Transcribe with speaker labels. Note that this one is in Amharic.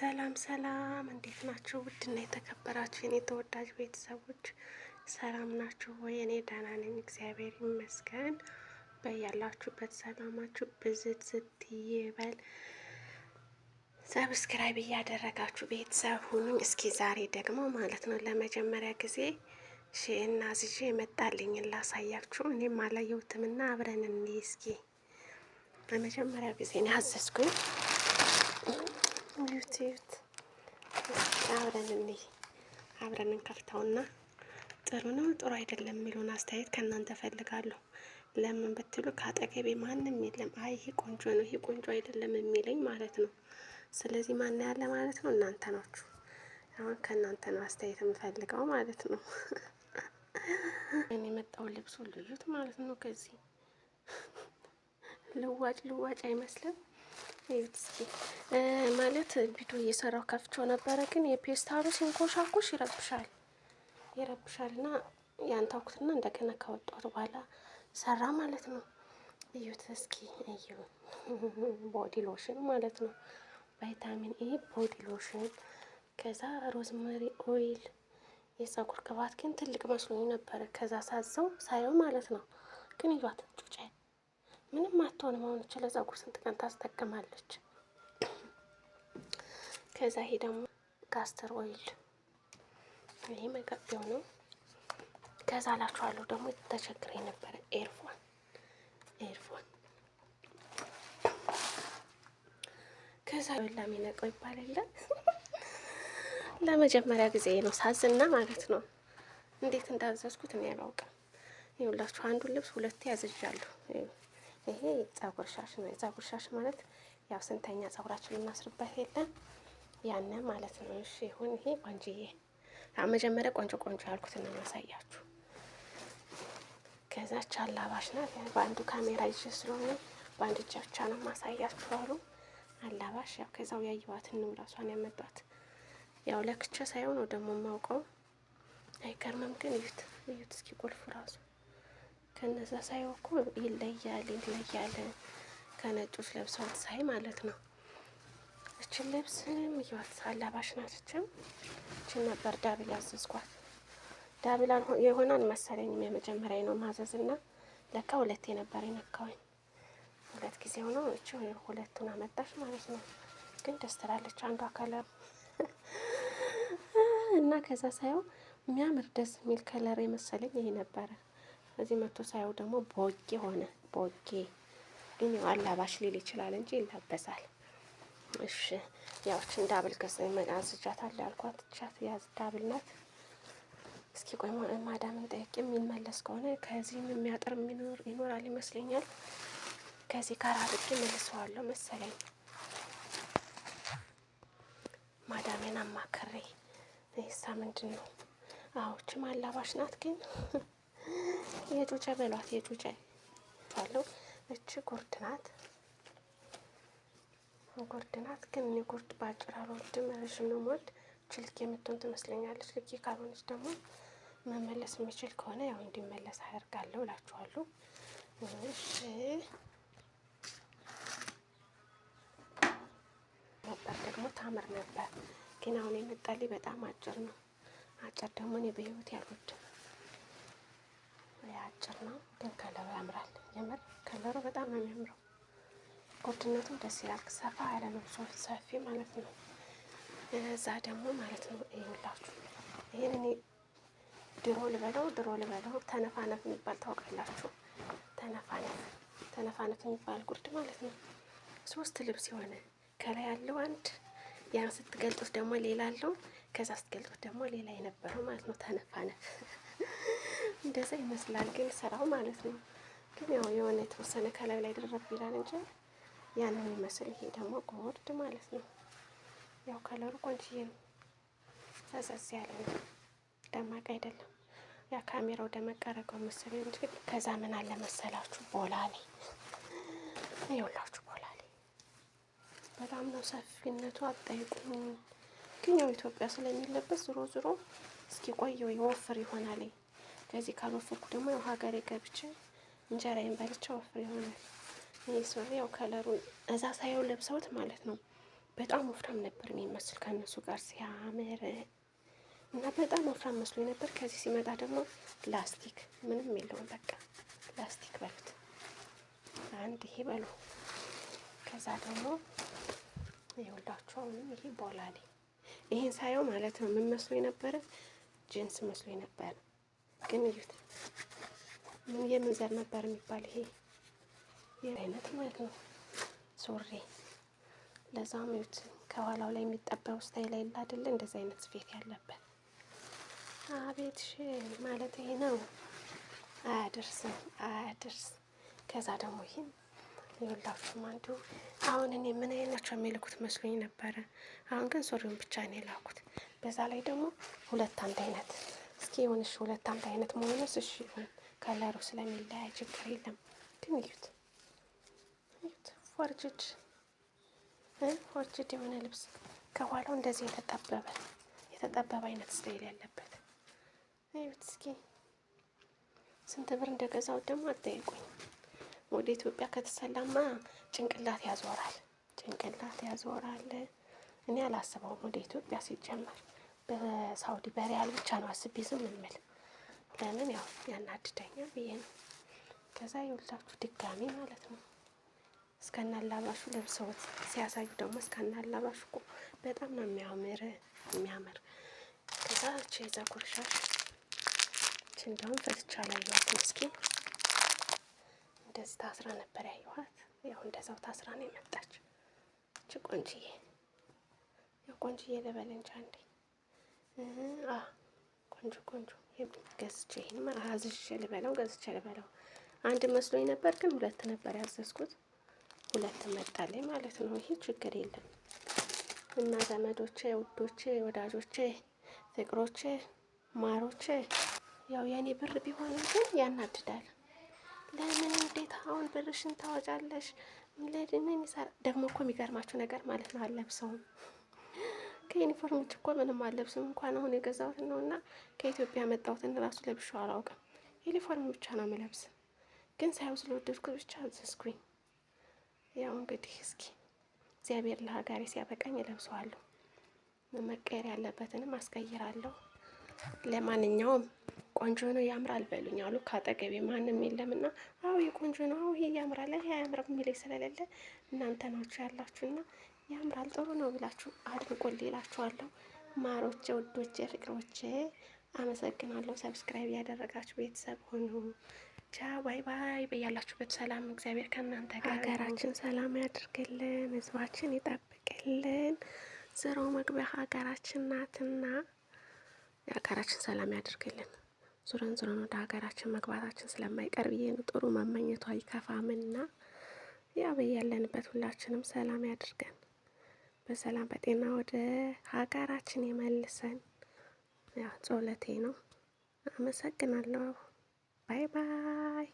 Speaker 1: ሰላም ሰላም፣ እንዴት ናችሁ? ውድና የተከበራችሁ የኔ ተወዳጅ ቤተሰቦች ሰላም ናችሁ ወይ? እኔ ደህና ነኝ፣ እግዚአብሔር ይመስገን። በያላችሁበት ሰላማችሁ ብዝት ዝት ይበል። ሰብስክራይብ እያደረጋችሁ ቤተሰብ ሁኑኝ። እስኪ ዛሬ ደግሞ ማለት ነው ለመጀመሪያ ጊዜ ሺእና ዝዤ የመጣልኝን ላሳያችሁ። እኔም አላየሁትምና አብረን እንይ እስኪ። ለመጀመሪያ ጊዜ ነው ያዘዝኩኝ እዩት እዩት። አብረን እንይ አብረን እንከፍተውና ጥሩ ነው ጥሩ አይደለም የሚለውን አስተያየት ከእናንተ ፈልጋለሁ ለምን ብትሉ ከአጠገቤ ማንም የለም። አይ ይሄ ቆንጆ ነው፣ ይሄ ቆንጆ አይደለም የሚለኝ ማለት ነው። ስለዚህ ማን ያለ ማለት ነው? እናንተ ናችሁ። አሁን ከእናንተ ነው አስተያየት የምፈልገው ማለት ነው። እኔ የመጣው ልብሱ ልዩት ማለት ነው። ከዚህ ልዋጭ ልዋጭ አይመስልም። እዩት እስኪ። ማለት ቪዲዮ እየሰራው ከፍቼው ነበረ፣ ግን የፔስታሉ ሲንኮሻኮሽ ይረብሻል ይረብሻል ና ያንታኩትና እንደገና ከወጣሁት በኋላ ሰራ ማለት ነው። እዩት እስኪ እዩ። ቦዲ ሎሽን ማለት ነው። ቫይታሚን ኤ ቦዲ ሎሽን፣ ከዛ ሮዝመሪ ኦይል የጸጉር ቅባት ግን ትልቅ መስሎኝ ነበረ። ከዛ ሳዘው ሳየው ማለት ነው። ግን እዩት ጩጫ ምንም አትሆንም። አሁን ይች ለጸጉር ስንት ቀን ታስጠቅማለች። ከዛ ይሄ ደግሞ ካስተር ኦይል ይህ መቀቢያው ነው። ከዛ ላችኋለሁ ደግሞ ተቸግሬ የነበረ ኤርፎን ኤርፎን ከዛ ላሚነቀው ይባል የለ ለመጀመሪያ ጊዜ ነው ሳዝና ማለት ነው። እንዴት እንዳዘዝኩት እኔ አላውቅም። ይኸውላችሁ አንዱን ልብስ ሁለቴ ያዝዣለሁ። ይሄ ጸጉር ሻሽ ነው። የጸጉር ሻሽ ማለት ያው ስንተኛ ጸጉራችን እናስርበት የለን ያነ ማለት ነው። እሺ ይሁን። ይሄ ቆንጅዬ መጀመሪያ ቆንጆ ቆንጆ ያልኩትን እናሳያችሁ። ከዛች አላባሽ ናት። በአንዱ ካሜራ ይዤ ስለሆነ በአንድ እጅ ብቻ ነው ማሳያችሁ አሉ አላባሽ። ያው ከዛው ያየዋት ያየዋትን ራሷን ያመጧት ያው ለክቸ ሳይሆን ነው ደግሞ የማውቀው አይገርምም። ግን እዩት እዩት እስኪ ቁልፍ ከነዛ ሳይ እኮ ይለያል ይለያል ከነጮች ለብሰዋት ሳይ ማለት ነው። እችን ልብስ ምያት አላባሽ ናትችም እችን ነበር ዳብል ያዘዝኳት። ዳብል የሆናን አልመሰለኝም የመጀመሪያ ነው ማዘዝ እና ለካ ሁለት ነበር የነካወኝ ሁለት ጊዜ ሆነው እች ሁለቱን አመጣሽ ማለት ነው። ግን ደስ ትላለች አንዷ ከለር እና ከዛ ሳየው የሚያምር ደስ የሚል ከለር የመሰለኝ ይሄ ነበረ። እዚህ መጥቶ ሳየው ደግሞ ቦጌ ሆነ። ቦጌ ግን ያው አላባሽ ሊል ይችላል እንጂ ይላበሳል። እሺ ያው እችን ዳብል ከስ መቃዝቻት አለ አልኳት። ቻት ያዝ ዳብል ናት። እስኪ ቆይ ማዳምን ጠይቄ የሚመለስ ከሆነ ከዚህም የሚያጠር የሚኖር ይኖራል ይመስለኛል። ከዚህ ጋር አድርጌ መልሰዋለሁ መሰለኝ። ማዳሜን አማክሬ ይሳ ምንድን ነው አዎችም አላባሽ ናት ግን የጩጬ በሏት የጩጬ አለው። እቺ ጉርድ ናት ጉርድ ናት። ግን እኔ ጉርድ በአጭር አልወድም፣ ረዥም ነው የምወድ። ችልክ የምትሆን ትመስለኛለች። ልክ ካልሆነች ደግሞ መመለስ የሚችል ከሆነ ያው እንዲመለስ አደርጋለሁ እላችኋለሁ። እሺ ነበር ደግሞ ታምር ነበር። ግን አሁን የመጣልኝ በጣም አጭር ነው። አጭር ደግሞ እኔ በህይወት ያልወድም። አጭር ነው ግን ከለሩ ያምራል። የምር ከለሩ በጣም ነው የሚያምረው። ጎድነቱም ደስ ይላል። ሰፋ ያለ ነው ሰፊ ማለት ነው። እዛ ደግሞ ማለት ነው ይኸውላችሁ ይህን እኔ ድሮ ልበለው ድሮ ልበለው ተነፋነፍ የሚባል ታውቃላችሁ? ተነፋነፍ ተነፋነፍ የሚባል ጉርድ ማለት ነው። ሶስት ልብስ የሆነ ከላይ ያለው አንድ ያን ስትገልጡት ደግሞ ሌላ አለው። ከዛ ስትገልጡት ደግሞ ሌላ የነበረው ማለት ነው። ተነፋነፍ እንደዛ ይመስላል ግን ስራው ማለት ነው። ግን ያው የሆነ የተወሰነ ከላይ ላይ ደረብ ይላል እንጂ ያንን ይመስል ይሄ ደግሞ ጎርድ ማለት ነው። ያው ከለሩ ቆንጅዬ ነው፣ ፈዘዝ ያለ ነው፣ ደማቅ አይደለም። ያ ካሜራው ደመቀረገው አደረገው እንጂ ከዛ ምን አለ መሰላችሁ ቦላ ቦላሌ ይኸውላችሁ፣ ላይ በጣም ነው ሰፊነቱ፣ አጠይቁኝ። ግን ያው ኢትዮጵያ ስለሚለበስ ዝሮ ዝሮ እስኪ ቆየው ይወፍር ይሆናል። ከዚህ ካልወፈርኩ ደግሞ የውሃ ሀገሬ ገብቼ እንጀራዬን በልቼ ወፍር ይሆናል። ይህ ሱሪ ያው ከለሩ እዛ ሳየው ለብሰውት ማለት ነው በጣም ወፍራም ነበር የሚመስል ከእነሱ ጋር ሲያምር እና በጣም ወፍራም መስሎ ነበር። ከዚህ ሲመጣ ደግሞ ላስቲክ ምንም የለውም። በቃ ላስቲክ በሉት አንድ ይሄ በሉ። ከዛ ደግሞ ይኸውላችሁ አሁንም ይሄ ቦላሌ ይህን ሳየው ማለት ነው ምን መስሎ የነበረ ጅንስ መስሎ ነበር። ግን እዩት፣ ምን የምን ዘር ነበር የሚባል ይሄ አይነት ማለት ነው ሱሪ። ለዛም እዩት ከኋላው ላይ የሚጠበው ስታይል አይደል አይደል? እንደዚህ አይነት ስፌት ያለበት አቤት ሽ ማለት ይሄ ነው። አያደርስም አያደርስ። ከዛ ደግሞ ይህም ይኸውላችሁም አንዱ አሁን እኔ ምን አይናቸው የሚልኩት መስሎኝ ነበረ። አሁን ግን ሱሪውን ብቻ ነው የላኩት። በዛ ላይ ደግሞ ሁለት አንድ አይነት እስኪ የሆነሽ ሁለት አንድ አይነት መሆኑ እሺ ይሁን፣ ከለሩ ስለሚለያይ ችግር የለም። ግን እዩት እዩት፣ ፎርጅድ ፎርጅድ የሆነ ልብስ ከኋላው እንደዚህ የተጠበበ የተጠበበ አይነት ስታይል ያለበት እዩት እስኪ። ስንት ብር እንደገዛው ደግሞ አጠይቁኝ። ወደ ኢትዮጵያ ከተሰላማ ጭንቅላት ያዞራል፣ ጭንቅላት ያዞራል። እኔ አላስበውም ወደ ኢትዮጵያ ሲጀመር በሳውዲ በሪያል ብቻ ነው አስቤ ዝም የምል። ለምን ያው ያናድደኛል ብዬ ነው። ከዛ ይኸውላችሁ ድጋሚ ማለት ነው እስከናላባሹ ለብሰውት ሲያሳዩ ደግሞ እስከናላባሹ እኮ በጣም ነው የሚያምር የሚያምር። ከዛ ቼ የፀጉር ሻሽ ች እንደውም ፈትቻ ላየኋት ምስኪን እንደዚህ ታስራ ነበር ያየኋት። ያው እንደዛው ታስራ ነው የመጣች። እች ቆንጅዬ ያው ቆንጅዬ ልበል እንዴ ቆንጆ ቆንጆ ገዝቼ ይሄን አዝዤ ልበለው ገዝቼ ልበለው። አንድ መስሎኝ ነበር፣ ግን ሁለት ነበር ያዘዝኩት። ሁለት መጣልኝ ማለት ነው። ይሄ ችግር የለም እና ዘመዶቼ፣ ውዶቼ፣ ወዳጆቼ፣ ፍቅሮቼ፣ ማሮቼ ያው የእኔ ብር ቢሆንም ግን ያናድዳል። ለምን እንዴት አሁን ብርሽን ታወጫለሽ? ምን ደግሞ እኮ የሚገርማችሁ ነገር ማለት ነው አለብሰውም ከዩኒፎርሞች እኮ ምንም አለብስም። እንኳን አሁን የገዛሁትን ነው እና ከኢትዮጵያ መጣውትን ራሱ ለብሼው አላውቅም። ዩኒፎርም ብቻ ነው የምለብስ፣ ግን ሳይው ስለወደድኩት ብቻ አዘዝኩኝ። ያው እንግዲህ እስኪ እግዚአብሔር ለሀገሬ ሲያበቃኝ እለብሰዋለሁ፣ መቀየር ያለበትንም አስቀይራለሁ። ለማንኛውም ቆንጆ ነው ያምራል በሉኝ አሉ። ካጠገቤ ማንም የለምና አዎ የቆንጆ ነው አዎ ይሄ ያምራል ይሄ አያምርም የሚለኝ ስለሌለ እናንተ ናችሁ ያላችሁና ያምራል ጥሩ ነው ብላችሁ አድንቆል ይላችኋለሁ። ማሮቼ፣ ውዶቼ፣ ፍቅሮቼ አመሰግናለሁ። ሰብስክራይብ ያደረጋችሁ ቤተሰብ ሆኑ። ቻ ባይ ባይ። በያላችሁበት ሰላም እግዚአብሔር ከእናንተ ጋር።
Speaker 2: ሀገራችን ሰላም ያድርግልን፣ ህዝባችን ይጠብቅልን። ዝሮ መግቢያ ሀገራችን ናትና የሀገራችን ሰላም ያድርግልን። ዙረን ዙረን ወደ ሀገራችን መግባታችን ስለማይቀር ብዬ ጥሩ መመኘቷ አይከፋምና ያ በያለንበት ሁላችንም ሰላም ያድርገን፣ በሰላም በጤና ወደ ሀገራችን የመልሰን። ያ ጸሎቴ ነው። አመሰግናለሁ። ባይ ባይ።